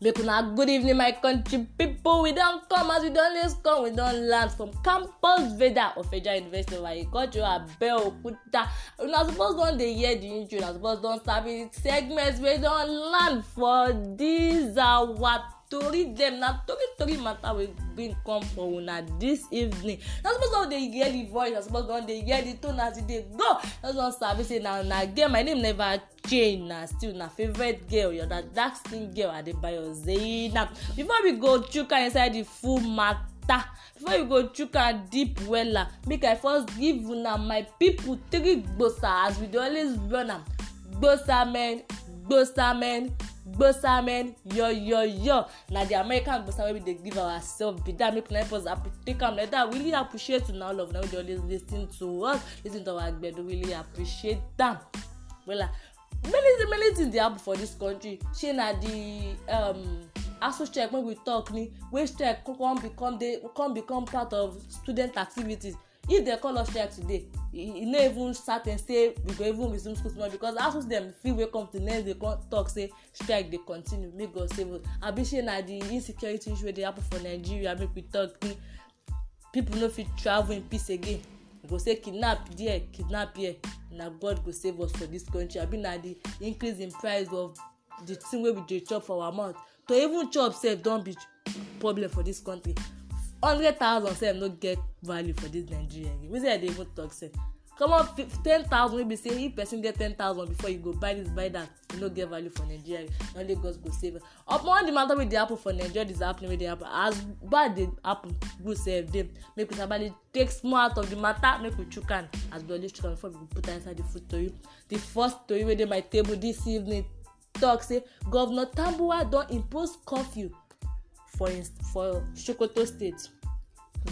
make una good evening my country people. we don't come as we don't always come we don't land from campus veda of federal university of agriculture abeokuta una suppose don dey hear the intro una suppose don sabi the segments. We don't land for dis our tori dem na tori tori matter wey bring come for una this evening na suppose don dey hear the voice na suppose don dey hear the tone as e dey go na suppose don sabi say na una again my name never jane na still na favourite girl your na dark skin girl adebayo zainab before we go chuka inside the full matter before we go chuka deep wella make i first give una my pipo three gbosa as we dey always run am gbosamen gbosamen gbosamen yoyoyo na the american gbosa wey we dey give ourselves be that make una help us take am like that we really appreciate una all of una wey dey always lis ten to us lis ten to our gbedu we really appreciate am wella many things many things dey happen for dis country shey na the um, aso strike wey we talk ni wey strike come become dey come become part of student activities if dem call us strike today e, e no even certain say we go even resume school tomorrow because aso dem fit wake up the next day come talk say strike dey continue make god save us abi shey na the insecurity issue wey dey happen for nigeria make we talk ni people no fit travel in peace again we go say kidnap there kidnap here na god go save us for dis country abi na the increase in price of the thing wey we dey chop for our mouth to even chop sef don be problem for dis country hundred thousand sef no get value for dis nigeria again wetin i dey even talk sef come on ten thousand Maybe say if person get ten thousand before you go buy this buy that you no get value for nigeria only god go save upon the matter wey dey happen for nigeria This happening wey dey happen as bad dey happen good sef dey make we sabali take small out of the matter make we chook hand as we always chook hand before we go put am inside the food tori the first tori wey dey my table this evening talk say governor tambuwa don impose curfew for in for sokoto state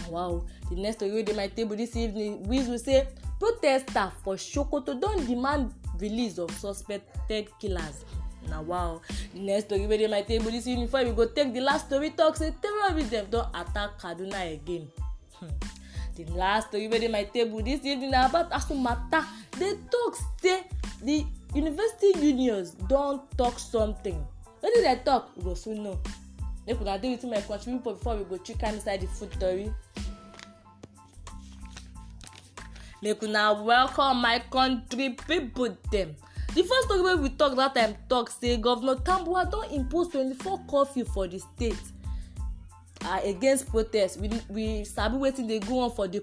wow the next story wey dey my table this evening wizzy say protesters for sokoto don demand release of suspected killers na wow the next story wey dey my table this evening before we go take the last story talk say terrorists dem don attack kaduna again hmm. the last story wey dey my table this evening na about asumata dey talk say the university unions don talk something wetin dem talk we go soon know make una dey with my country pipo before we go trick am inside the food tori. make una welcome my country pipo dem di first story wey we tok dat time tok say govnor tambuwa don impose twenty-four curfew for di state uh, against protest we we sabi wetin dey go on for di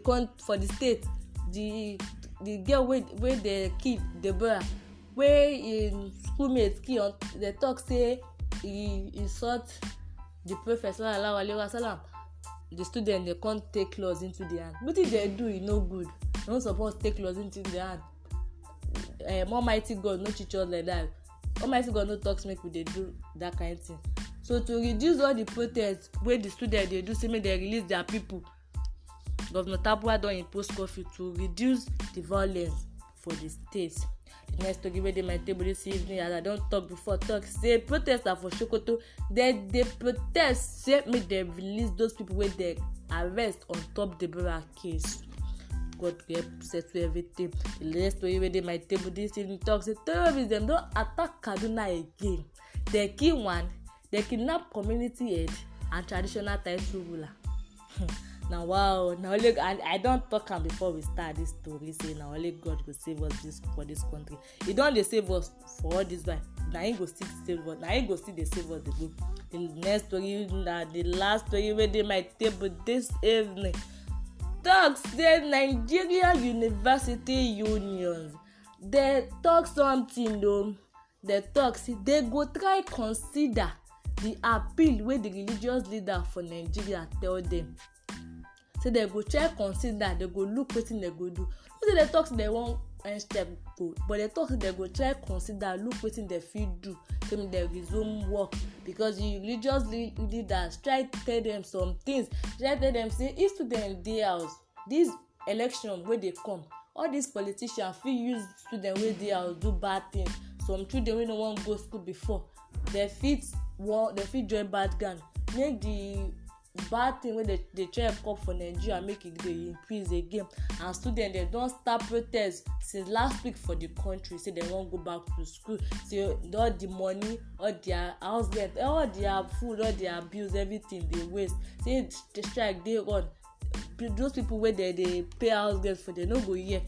for di state di di girl wey wey dey kill deborah wey im schoolmate kill on dey talk say e insult di prophet sallallahu alaihi wasallam di student dey come take laws into dia hand wetin dey do e no good no suppose take closing thing dey hand um, almighty god no teach us like that almighty god no talk make we dey do that kind thing so to reduce all the protest wey the students dey do say make dem release their people governor tabuwa don impose curfew to reduce the violence for the state the next story wey dey my table this evening as i don talk before talk say protest na for sokoto dem dey protest say make dem release those people wey dem arrest on top deborah case God go help settle everything. The latest story wey dey my table this evening talk say terrorism don attack Kaduna again. Dem kill one, dem kidnap community head and traditional title ruler. na wow na only and i, I don talk am before we start this story say na only god go save us this for this country he don dey save us for all this while na him go still save us na him go still dey save us dey the next story na the last story wey dey my table this evening tok say nigeria university unions dey tok something o dey tok say dey go try consider the appeal wey the religious leader for nigeria tell dem say so dey go try consider dey go look wetin dey go do no say dey talk say dey wan and go but they talk say dem go try consider look wetin dem fit do so make dem resume work because the religious leaders try tell them some things try tell them say if students dey house this election wey dey come all these politicians fit use students wey dey house do bad things some children wey no wan go school before dem fit wan dem fit join bad gang make the bad thing wey dey dey try come for nigeria make e dey increase again and students dem don start protest since last week for di country say dem wan go back to school say all di money all dia house rent all dia food all dia bills everything dey waste say di strike dey on those people wey dey dey pay house rent for dem no go hear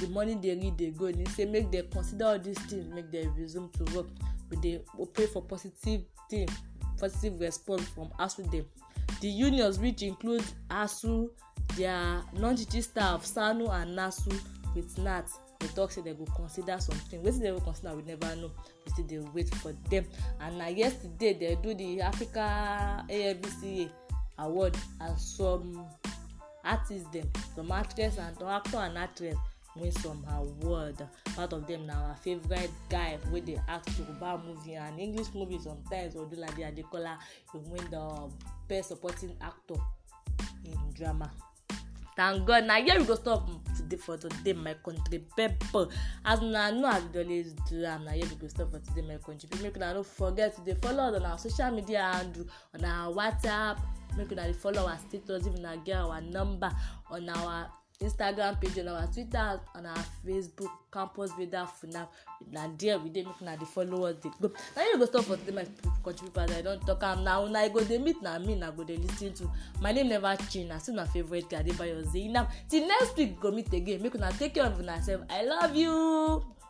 the money dey read dey go need say make dem consider all these things make dem resume to work we dey pray for positive thing positive response from asudem the unions which include asu their non-teaching staff sanu and nasu with nat dey talk say dem go consider something wetin dem go consider we never know we still dey wait for dem and na yesterday dem do the africa afbca award and some artists dem some actress and some actor and actress win some award part of them na our favourite guy wey dey act yoruba movie and english movie sometimes odunlade adekola dey win the best supporting actor in drama thank god na here we go stop today for today my country people as una know as we dey always do am na here we go stop for today my country people make una no forget to dey follow us on our social media handle on our whatsapp make una dey follow our status if una get our number on our instagram page on our twitter and our facebook campus radar funab na there we dey make una dey follow us dey go na you go stop for today my country people as i don talk am na una you go dey meet na me na go dey lis ten to my name never change na still my favourite guy adebayo zainab till next week we go meet again make una take care of una sef i love you.